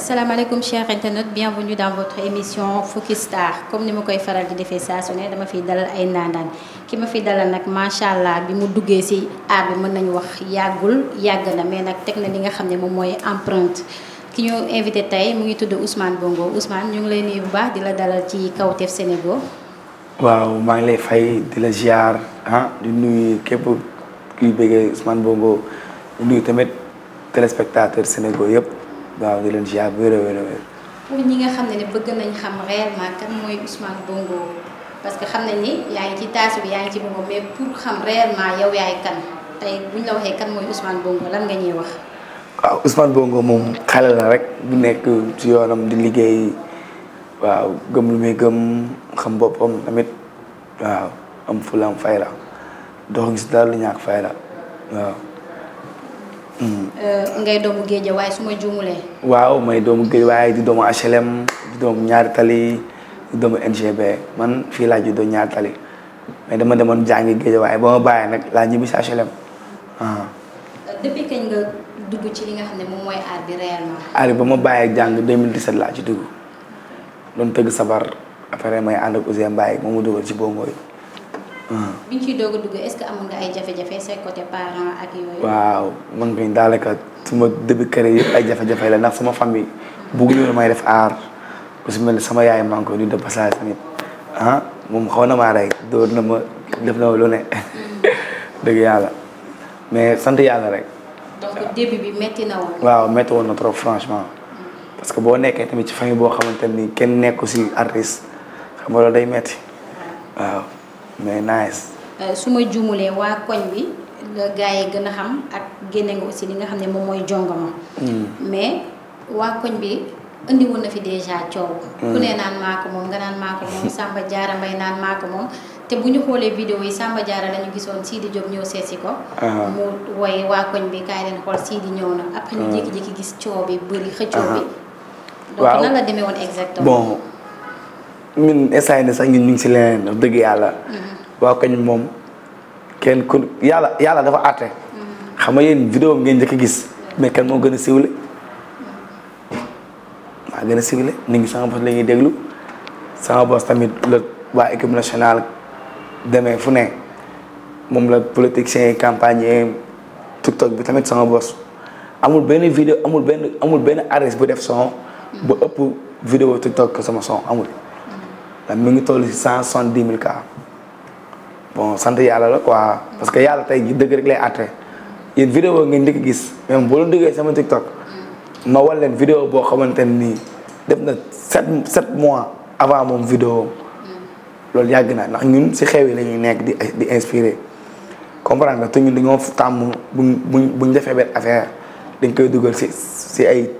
salaamaaleykum bien bu bienvenue dans votre émission Focus Star comme ni ma koy faral di defee saa su ne dama fiy dalal ay naanaan ki ma fiy dalal nag macha allah bi mu duggee ci aar bi mën nañu wax yàggul yàgg na mais nag teg na li nga xam ne moom mooy empreinte. ki ñu invité tey mu ngi tudd Ousmane Bongo Ousmane ñu ngi lay nuyu bu baax di la dalal ci Kawtef Sénégal. waaw maa ngi lay fay di la ziar ah di nuyu képp kuy bëggee Ousmane Bongo di tamit yëpp. waaw di leen ziar wér a wér a ñi nga xam ne bëgg nañ xam réellement kan mooy Ousmane Bongo parce que xam nañ ni yaa ngi ci taas bi yaa ngi ci Bongo mais pour xam réellement yow yaay kan tey bu ñu la waxee kan mooy Ousmane Bongo lan nga ñuy wax. waaw Ousmane Bongo moom xale la rek bu nekk ci yoonam di liggéey waaw gëm lu muy gëm xam boppam tamit waaw am fulam fayda dox gis daal lu ñàkk fayda waaw. Euh, ngay doomu géej waaye su ma juumulee. waaw may doomu géej waaye di doomu HLM di doomu ñaari tali di doomu NGB man fii laa juddoo ñaari tali mais dama demoon jàngi géej waaye ba ma bàyyee nag laa ñibbi si HLM. Ah. depuis kañ nga dugg ci li nga xam ne moom mooy aar bi réellement. aar bi ba ma bàyyee jàng 2017 laa ci dugg doon tëgg sabar après may ànd ak Ousseyn Mbaye moom mu dugal ci bongo bi ñu ciy dugg est-ce que amoon nga ay jafe-jafe say côté parents ak yooyu. waaw man mii daanaka suma début carrière yëpp ay jafe-jafe la ndax sama famille bëgguñu woon may def aar ku si sama yaay maa ngi koy ah moom xaw na maa rey door na ma def na ma lu ne dëgg yàlla mais sant yàlla rek. donc début bi métti na waaw métti woon na trop franchement. parce que boo nekkee tamit ci famille boo xamante nii kenn nekku si artiste xam loolu day métti waaw. mais nice. Euh, su ma juumulee waa koñ bi la gars yi gën a xam ak génne nga aussi li nga xam ne moom mooy jongama hmm. mais waa koñ bi indi woon na fi déjà coow. Hmm. ku ne naan maa ko moom nga naan maa ko moom Samba Diarra Mbaye naan maa moom. te bu ñu xoolee vidéo yi Samba Diarra lañu gisoon di Diop ñëw seesi ko. Ah. mu woy waa koñ bi kaay leen xool Sidi ñëw na. après ñu ah. jékki-jékki gis coow bi bëri xëccoo bi. Ah. waaw donc nan la woon exactement. bon ñun instant sax ñun ñu ngi si leneen yàlla. Mm-hmm. waaw kañ moom kenn ku yàlla yàlla dafa àtte. Mm-hmm. xam nga yéen vidéo ngeen njëkk a gis mais kenn moo gën a siwle mm-hmm. maa gën a siwle nit ñi sama bos la ñuy déglu sama bos tamit la waa équipe nationale demee fu ne moom la politiciens si campagne yi TikTok bi tamit sama bos amul benn vidéo amul benn amul benn artiste bu def son bu ëpp vidéo TikTok sama son amul. Mm-hmm. ndax mu ngi toll ci cent soixante-dix mil cas. bon sant yàlla la quoi parce que yàlla tey ji dëgg rek lay àtte yéen vidéo ngeen njëkk gis même boo leen duggee sama TikTok ma wan leen vidéo boo xamante nii def na sept sept mois avant moom vidéo loolu yàgg na ndax ñun si xew yi la ñuy nekk di di inspiré comprendre nga te ñun tàmm buñ buñ buñ defee benn affaire dañ koy dugal si si ay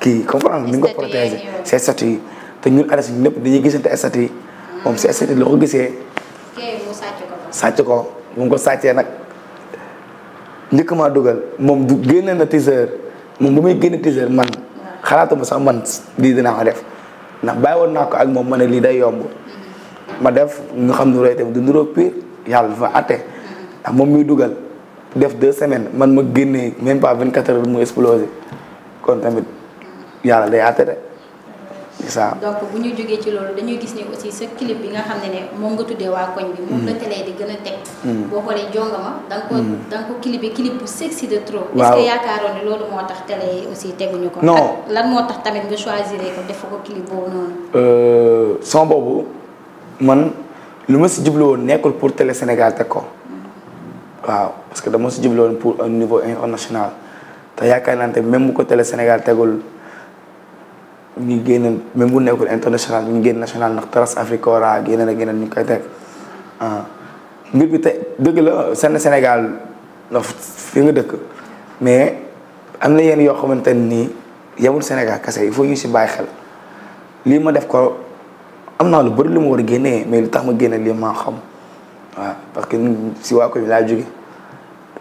kii comprendre ni nga ko protéger si statut yi te ñun artiste ñun ñëpp dañuy yi moom si statut la ko gisee. sàcc ko bu ko sàccee nag njëkk ma dugal moom du génne na teaser moom bu muy génne teaser man xalaatuma sax man lii dinaa def ndax bàyyi naa ko ak moom ma ne lii day yomb ma def nga xam ne roy tamit du niroo pire yàlla fa ate ndax moom muy dugal def deux semaine man ma génnee même pas vingt quatre heures mu explosé kon tamit yàlla day àtte de c'est ça donc bu ñu jógee ci loolu dañuy gis ne aussi sa clip bi nga xam ne ne moom nga tuddee waa koñ bi. moom la mm. télé di gën a teg. Mm. boo xoolee jongama da ko mm. da ko clipé bu sexy trop. waaw que yaakaaroon ne loolu moo tax télé yi aussi teguñu ko. lan moo tax tamit nga choisir ko def ko clip boobu noonu. Euh, son boobu man lu ma si jublu woon nekkul pour télé Sénégal teg ko. waaw parce que dama si jublu woon pour un niveau international te yaakaar naa même bu ko télé Sénégal tegul. ñu ngi génne même bu nekkul international ñu ngi génn national nax Trace Africa Ora ak yeneen ak yeneen ñu koy teg ah. bi te dëgg la seen Sénégal ndax fi nga dëkk mais am na yenn yoo xamante nii yemul Sénégal kase il faut ñu si bàyyi xel lii ma def ko am naa lu bëri lu mu war a génnee mais lu tax ma génn lii maa xam waaw parce que si waa ko bi laa jóge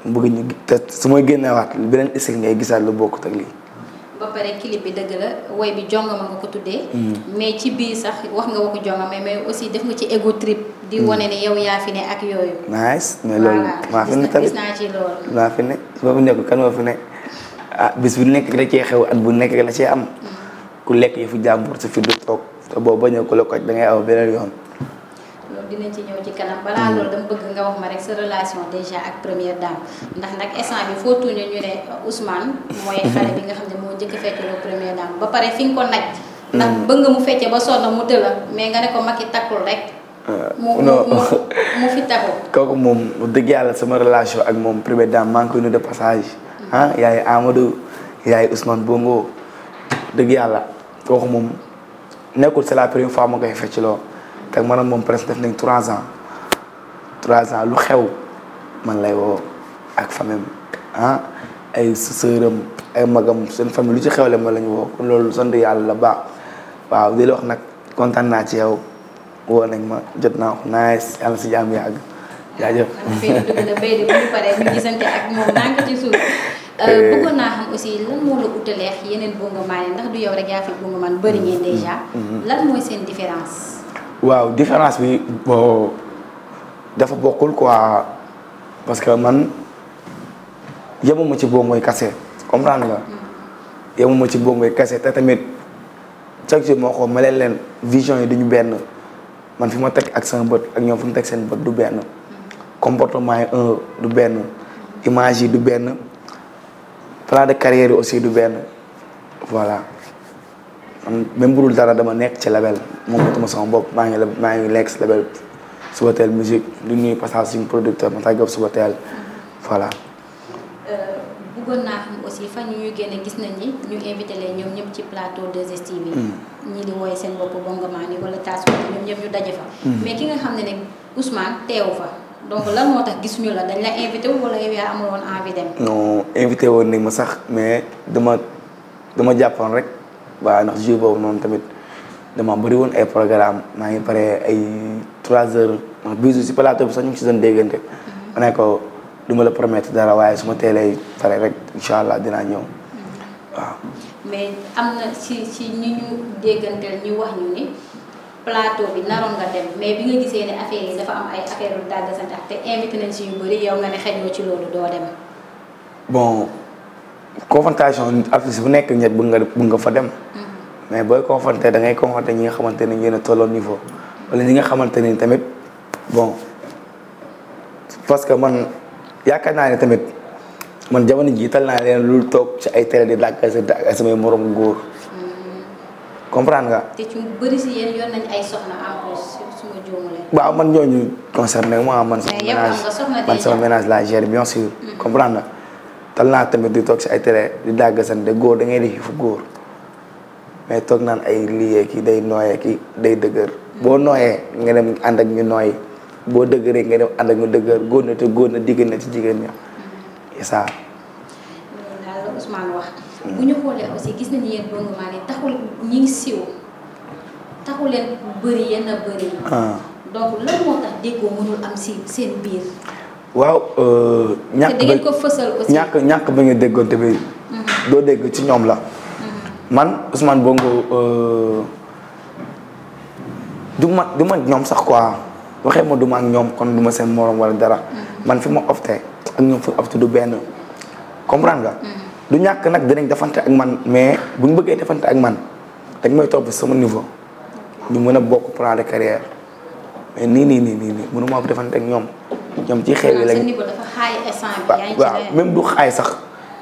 bëgg ñu te su may génnewaat beneen essai ngay gisaat lu bokkut ak lii ba pare clip bi dëgg la woy bi jongama nga ko tuddee. Mm. mais ci biir sax wax nga waxu jongama mais aussi def nga ci ego trip. di mm. wane ne yow yaa fi ne ak yooyu. nice mais loolu naa ci loolu. fi ne su ma fi nekkul kan fi ne ah, bis bu nekk da cee xew at bu nekk la cee am. Mm. ku lekk yëfu jàmbur sa fi toog te boo bañ ko la ko da ngay aw beneen yoon. dinañ ci ñëw ci kanam balaa loolu dama bëgg nga wax rek sa relation déjà ak première dame ndax nag instant bi foo tuñu ñu ne Ousmane mooy xale bi nga xam ne moo hmm. ah, moom dëgg yàlla sama relation ak moom première dame maa koy nuyu de passage hmm. ah yaay Amadou yaay Ousmane Bongo dëgg yàlla kooku moom nekkul c'est la première fois ma koy fecc loo te man moom presque def nañ trois ans trois ans lu xew man lay woo ak famille ah, ay sëram ay magam seen famille lu ci xew xewle ma la ñu woo kon loolu sant yàlla la baax waaw di wax nag kontaan naa ci yow woo nañ ma jot naa ko nice yàlla si jàmm yàgg jaajëf. Euh, eh. bëggoon naa xam aussi lan moo la utaleex yeneen bongomaan yi ndax du yow rek yaa fi bongomaan bëri ngeen mm-hmm. déjà. Mm-hmm. lan mooy seen différence. waaw différence bi bon dafa bokkul quoi parce que man yemuma ci boobu mooy kase comprendre nga mm-hmm. yemuma ci boobu mooy kase te tamit chaque jour moo ko ma leen leen vision yi duñu benn man fi ma teg ak sama bët ak ñoom fi ma teg seen bët du benn mm-hmm. comportement yi du benn image yi du benn plan de carrière aussi du benn voilà man même bu dul dara dama nekk ci label moom matuma sama bopp maa ngi maa ngi nekk ci label Subatel musique du nuyu passage euh, yu ñu génne gis nañ ñu invité ñoom ñëpp ci plateau 2STV. Hmm. ñi di woy seen bopp Bongo Mane wala Tass Kouthie ñu daje fa. Hmm. mais ki nga xam ne nag Ousmane teewu fa donc lan moo tax gisuñu la dañ la invité wu wala yow yaa amul woon envie dem. non invité woon nañ ma sax mais dama dama jàppoon rek. waaw ndax jour boobu noonu tamit dama bari woon ay programme maa ngi pare ay trois heures ndax bisu si plateau bi sax ñu ngi si seen déggante mm-hmm. ma ne ko du ma la promettre dara waaye su ma teelee pare rek incha allah dinaa ñëw mm-hmm. waaw mais am na ci ci ñu ñu dégganteel ñu wax ñu ni plateau bi naroon nga dem mais bi nga gisee ne affaire yi dafa am ay affaire yu sa ndax te invité nañ si yu bëri yow nga ne xëjoo ci loolu doo dem bon confrontation artiste bu nekk ñet bëgg nga bëgg nga fa dem mm-hmm. mais booy confronté dangay ngay confronté ñi nga xamante ne ngeen a tolloon niveau wala nga xamante ne tamit bon parce que man yaakaar naa ne tamit man jamono jii tal naa lu toog ci ay télé di làkk sa ak samay morom góor mm-hmm. comprendre nga. te waaw man ñooñu concerné man. sama ménage la gère bien sûr mm-hmm. comprendre tal naa tamit di toog si ay télé di dàggasante góor da ngay di góor mais toog naan ay liyee ki day nooyee ki day dëgër boo nooyee nga dem ànd ak ñu nooy boo dëgëree nga dem ànd ak ñu dëgër góor na te na jigéen ci jigéen ña isa Ousmane wax bu ñu xoolee aussi gis nañu yéen Bongo Mali taxul ñi siiw taxul leen yenn bëri ah. donc lan moo tax déggoo mënul am si seen biir waaw. Euh, ñàkk ba ko fësal aussi. ñàkk ñàkk ba ñu déggoonte bi mhm. doo dégg ci ñoom la. Mhm. man Ousmane Bongo euh, du ma du ma ñoom sax quoi waxee ma duma ak ñoom kon du ma seen morom wala dara. Mhm. man fi ma opté ak ñoom fi opté du benn comprendre nga. du ñàkk nag dinañ defante ak man mais bu ñu bëggee defante ak man dañ may topp sama niveau ñu mën a bokk plan de carrière mais nii nii nii nii nii mënu ma defante ak ñoom. ñoom ci xew yi lañ waaw même du xaay sax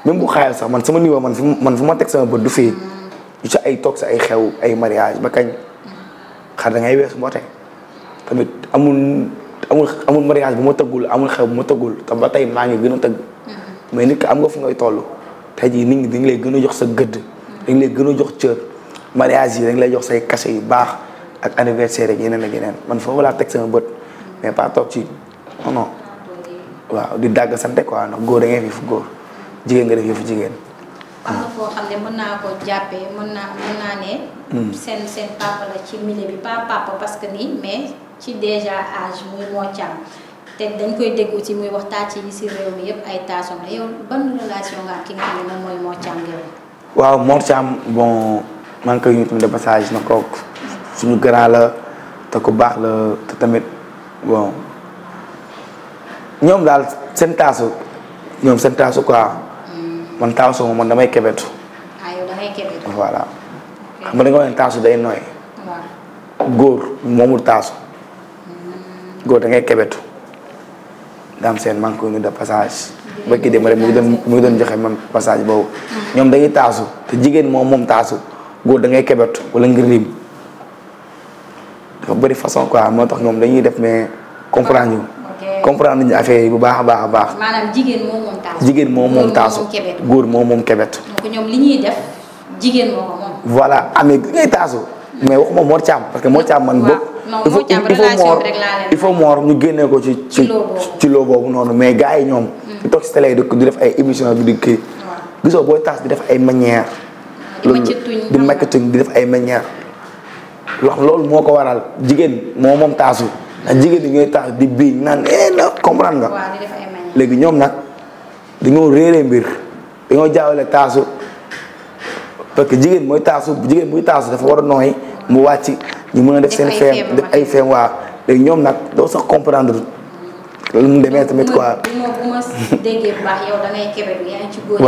même bu sax man sama niveau man fu man fu ma teg sama bët du fii hmm. du ay toog sa ay xew ay mariage ba kañ xar da ngay weesu mboote tamit amul amul amul mariage bu ma tëggul amul xew bu ma tëggul te ba tey maa ngi gën a tëgg hmm. mais nit am nga fu ngay toll tey jii nit ñi dañ lay gën a jox sa gëdd dañ lay gën a jox cër mariage yi dañ lay jox say cachet yu baax ak anniversaire ak yeneen ak yeneen man foofu laa teg sama bët mais pas toog ci non waaw di dàgg sante quoi ndax góor da ngay yëfu góor jigéen nga def yëfu jigéen. am na koo xam ne mën naa ko jàppee mën naa ne. Hmm. seen seen papa la ci milieu bi pas muy moo te dañ koy déggu ci muy wax tàcc yi si réew mi yëpp ay taasom la yow ban relation nga ki nga xam ne moom mooy moo caam yow. waaw moo bon maa ngi koy nuyu tamit de passage na kook suñu grand la te ku baax la te tamit bon. ñoom daal seen taasu ñoom seen taasu quoi mm. man taasu moom man damay kebetu. ah voilà xam nga da nga wax taasu day nooy. waaw góor moomul taasu. Mm. góor da ngay kebetu. daam seen man ko ñu de passage. ba ki dem rek mu ngi doon mu ngi doon joxe man passage boobu. Mm. ñoom dañuy taasu te jigéen moom moom taasu góor dangay ngay kebetu wala ngir rim dafa bëri façon quoi moo tax ñoom dañuy def mais comprendre comprendre nañu affaire yi bu baax a baax a baax. jigéen moom moom taasu. jigéen moom moom taasu góor moom moom kebet. donc voilà amee ah, li ngay taasu. mais waxuma Mor Thiam parce que moo Thiam man. waaw non Mor Thiam il faut Mor ñu génnee ko ci ci ci noonu mais gars yi ñoom. Mm. di toog si télé di def ay émission bi di kii. gisoo booy taas di def ay manière loolu di marketing di def ay manière loolu moo ko waral jigéen moo moom taasu. ndax jigéen ñi ngay tax di biiñ naan eh na comprendre nga. léegi ñoom nag dañoo réeree mbir dañoo jaawale taasu parce que jigéen mooy taasu jigéen muy taasu dafa war a nooy mu wàcc ñu mën a def seen feem def ay feem waa léegi ñoom nag doo sax comprendre loolu mu demee tamit quoi. bu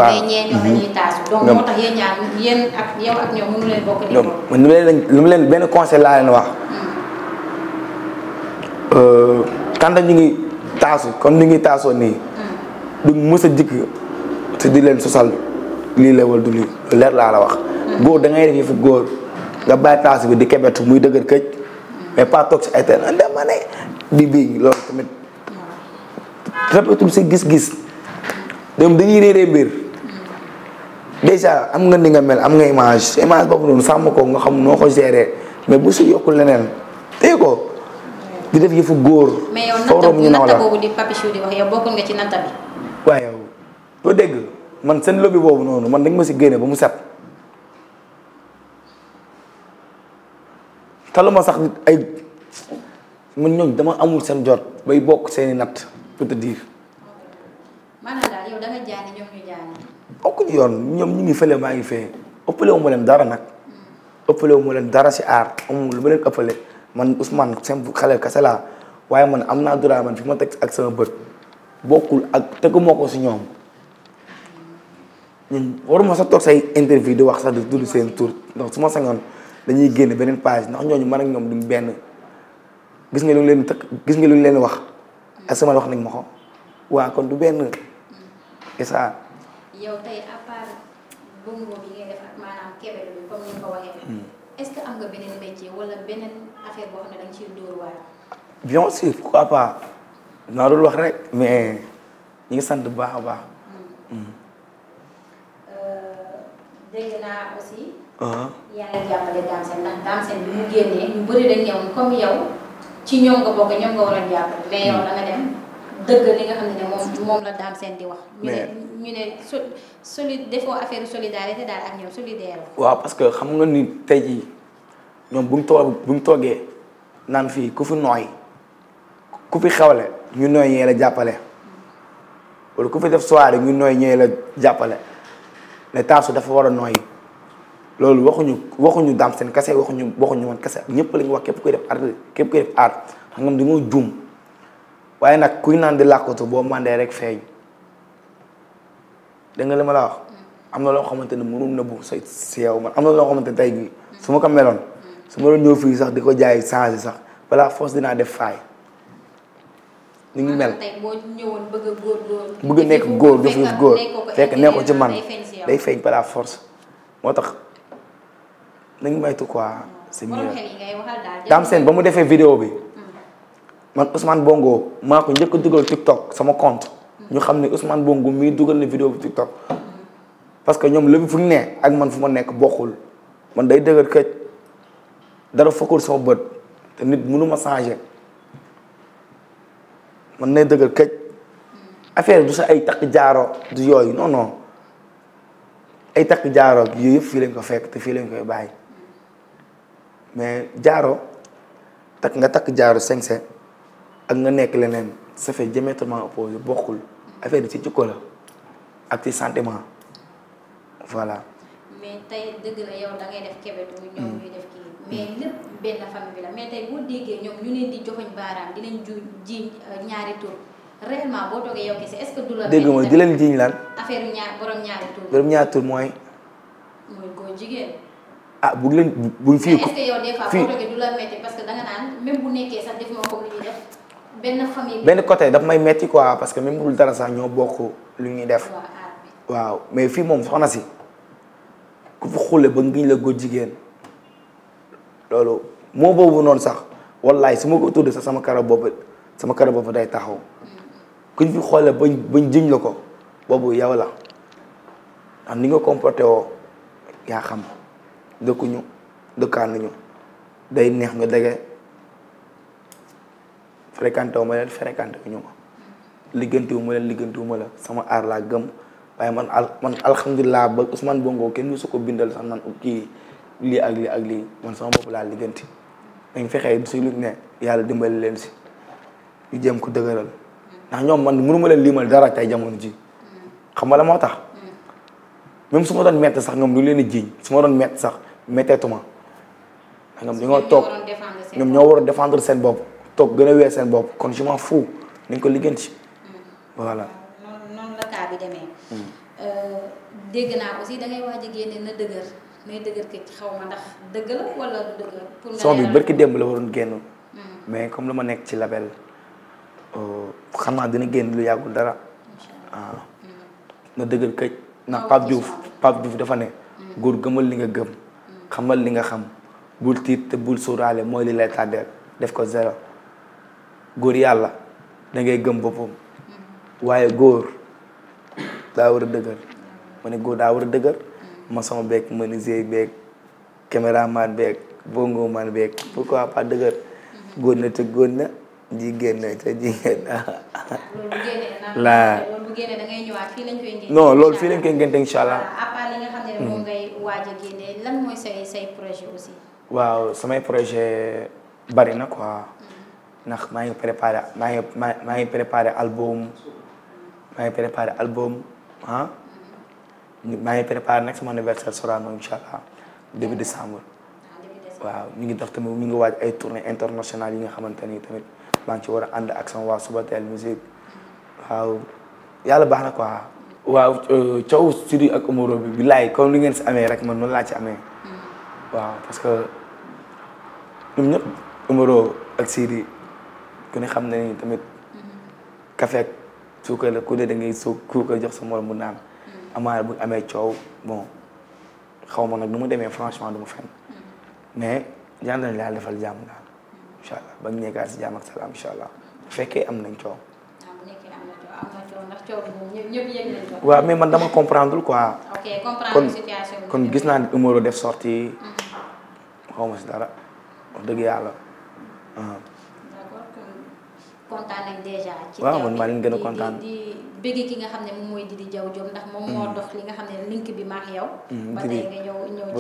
ma bu leen benn conseil laa leen wax. Mm. tant euh, ñu ngi taasu kon ni ngi taasoo nii mm. duñ mu a jikk te di leen sosal lii la wala du lii leer laa la wax mm. góor da ngay def yëfu góor nga bàyyi taas bi di kebetu muy dëgër këj mm. mais pas toog si si gis-gis ñoom dañuy réeree mbir déjà am nga ni nga mel am nga image image boobu noonu sàmm ko nga xam noo ko gérer mais bu si yokku leneen téye ko di def yëfu góor. forom ñu naw la boobu di Papichou di wax yow bokkul nga ci natt bi. waaye yow doo dégg man seen lobby boobu noonu man dañ ma si génne ba mu set. taluma sax ay man ñooñ dama amul seen jot bay bokk seeni natt pour te dire. yoon ñoom ñu ngi fële maa ngi fee ëppale wu ma leen dara nag. Hmm. ëppale wu leen dara si aar amul lu ma leen ëppale. man Ousmane simple xale kese laa waaye man am naa droit man fi ma teg ak sama bët bokkul ak tegu moo ko si ñoom ñun waruma sa toog say interview di wax sax di tudd seen tur ndax su ma sañoon dañuy génn beneen page ndax ñooñu man ak ñoom duñ benn gis nga lu leen gis nga lu leen wax ak sama wax nañ ma ko waa kon du benn isa yow tey à part bëgg ngay def ak maanaam kébee bi comme ko waxee hmm. est-ce que am nga beneen métier wala beneen affaire boo xam ne da nga dóor waar. bien sûr pourquoi pas naa dul wax rek mais ñu ngi sant bu baax a baax. Hmm. Euh, dégg naa aussi. Uh-huh. yaa ngi jàppale Dame Sène ndax Dame bi mu génnee ñu bëri dañ ñëw comme yow ci ñoom nga bokk ñoom nga war a jàppale mais yow hmm. da dem dëgg li nga xam ne moom moom la Dame Sène di wax. ñu ne ñu ne so soli defoo affaire solidarité daal ak ñoom solidaire. waaw parce que xam nga ni tey jii. ñoom bu ñu too bu ñu toogee naan fii ku fi nooy ku fi xewle ñu nooy ñee la jàppale wala ku fi def soirée ñu nooy ñee la jàppale ne Taasu dafa war a nooy loolu waxuñu waxuñu Dame kase kese waxuñu waxuñu woon kese ñëpp lañu wax képp kuy def art képp kuy def art xam nga dañoo juum waaye nag kuy naan di làkkatu boo màndee rek feeñ dégg nga li ma laa wax mm. am na loo xamante ne mënul nëbbu sa si yow man am na loo xamante ne tey jii su ma ko meloon su ma doon ñëw fii sax di ko jaay changé sax balaa force dinaa def faay ni ngi mel bëgg nekk góor def góor fekk nekkul ci man day feeñ par force moo tax nañu maytu quoi c'est mm. mieux daam seen ba mu defee vidéo bi mm. man Ousmane Bongo maa ko njëkk a dugal TikTok sama compte mm. ñu xam ne Ousmane Bongo mii dugal na vidéo bi TikTok parce que ñoom lépp fu ñu ne ak man fu ma nekk bokkul man day dëgër këj dara fokkul sama bët te nit mënuma changer man nay dëgër këj affaire du sa ay takk jaaro du yooyu non ay takk jaaro yooyu yëpp fii lañ ko fekk te fii lañ koy bàyyi mais jaaro takk nga takk jaaro sañse ak nga nekk leneen ça fait diamétralement opposé bokkul affaire bi ci jikko la ak ci sentiment voilà mais tey dëgg la yow da def kebetu ñoom hmm. ñuy def kii mais lépp benn famille bi la mais tey boo déggee ñoom ñu leen di joxoñ baaraam di jiiñ euh, ñaari tur réellement boo toogee yow kese est du la dégg mooy di leen jiiñ ah, parce que da naan même bu nekkee sax def ma comme li ñuy def benn famille benn côté daf may métti ko parce que même bu dara sax ñoo bokk lu waaw mais fii moom soxna si ku fi xule ba ngiñ la góor jigéen loolu moo boobu noonu sax wallaay su ma ko tudd sax sama kara bopp sama kara bopp day taxaw kuñ fi xoole bañ bañ jiñ la ko boobu yow la am ni nga comporté woo yaa xam dëkkuñu dëkkaat nañu day neex nga dege fréquenté wu ma leen fréquenté wu ñu wu ma leen ligganti ma la sama aar laa gëm waaye man al man ba usman Bongo kenn du su ko bindal sax naan kii lii ak lii ak lii man sama bopp laa ligganti dañ fexee su lu ne yàlla dimbali leen si yu jëm ko dëgëral ndax ñoom man mënu leen liimal dara tey jamono ji xam ma la moo tax même su doon mett sax ñoom lu leen di jiiñ suma doon métti sax métteetuma ñoom dañoo toog ñoom ñoo war a defendre seen bopp toog gën a weer seen bopp kon je m'en nañ ko ligganti mm. voilà noonu la cas bi demee. Mm. Euh, dégg naa aussi da ngay waaj na dëgër nay dëgër këcc xaw ma ndax dëgg la wala du dëgg. pour nga son bi barki démb la waroon génn. Mm. mais comme la ma nekk ci label euh, xam naa dina génn lu yàggul dara. waaw ah. mm. na dëgër këcc ndax Pape Diouf Pape juuf dafa ne. góor gëmal li nga gëm. xamal li nga xam bul tiit te bul suuraale mooy li lay tàddeel def ko zéro góor yàlla da ngay gëm boppam waaye góor. daa war a dëgër ma ne góor daa war a dëgër maçon beeg menuisier beeg caméraman beeg bongo man beeg pourquoi pas dëgër góor na te góor na jigéen na te jigéen la non loolu fii lañ koy ngénte incha allah lan waaw samay projet bari na quoi hmm. ndax maa ngi préparé maa ngi maa ngi préparé album maa ngi préparé album ah maa ngi préparé nag sama anniversaire Sorano incha allah début décembre. waaw ñu ngi dox tamit ñu ngi waaj ay tournée internationale yi nga xamante ni tamit maa ngi ci war a ànd ak sama waa Subatel musique waaw yàlla baax na quoi. waaw Thiaw studio ak Omaro bi bilaay comme ni ngeen si amee rek man noonu laa ci amee. waaw parce que ñoom ñëpp Omaro ak Sidi ku ne xam na tamit. kafe suukar la ku ne da ngay soo suukar jox sa morom mu naan mm. amaana bu amee coow bon xaw ma nag nu mu demee franchement du ma fenn mm. mais yal na yàlla defal jàmm daal mm. incha allah ba ñu nekkaat si jàmm ak salaam incha allah bu fekkee am nañ coow. Ah, waaw mais man dama comprendre quoi. ok kon gis naa ne Umarou def sorti mm-hmm. xaw ma si dara wax dëgg yàlla. Ah. kontaan nañ déjà. waaw man maa leen gën a kontaan di bëgg ki nga xam ne moom mooy Didi Diaw Diop ndax moom moo mm. dox li bi ma yow. Mm, ba tey nga ñëw ñëw bi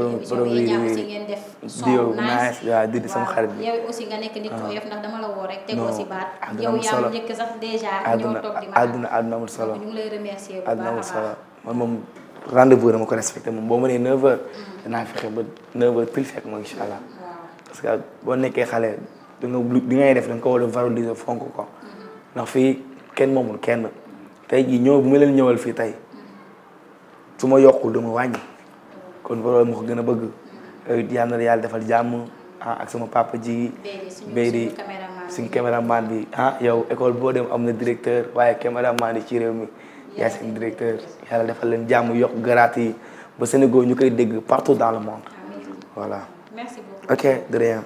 yéen ñaar aussi ngeen àdduna àdduna amul solo ñu ngi lay remercier a baax moom rendez-vous dama ko respecté moom boo ma nee 9h. danaa fexe ba 9h fekk ma incha allah. parce que boo nekkee xale da nga li ngay def da nga ko war a valoriser fonk ko ndax fii kenn moomul kenn tey jii ñëw bu ma leen ñëwal fii tey su ma yokkul dama wàññi kon borom moo ko gën a bëgg yàlla na yàlla defal jàmm ah ak sama papa ji béy di suñu caméraman bi ah yow école boo dem am na directeur waaye caméraman yi ci réew mi yaay seen directeur yàlla defal leen jàmm yokk garaat yi ba Sénégal ñu koy dégg partout dans le monde voilà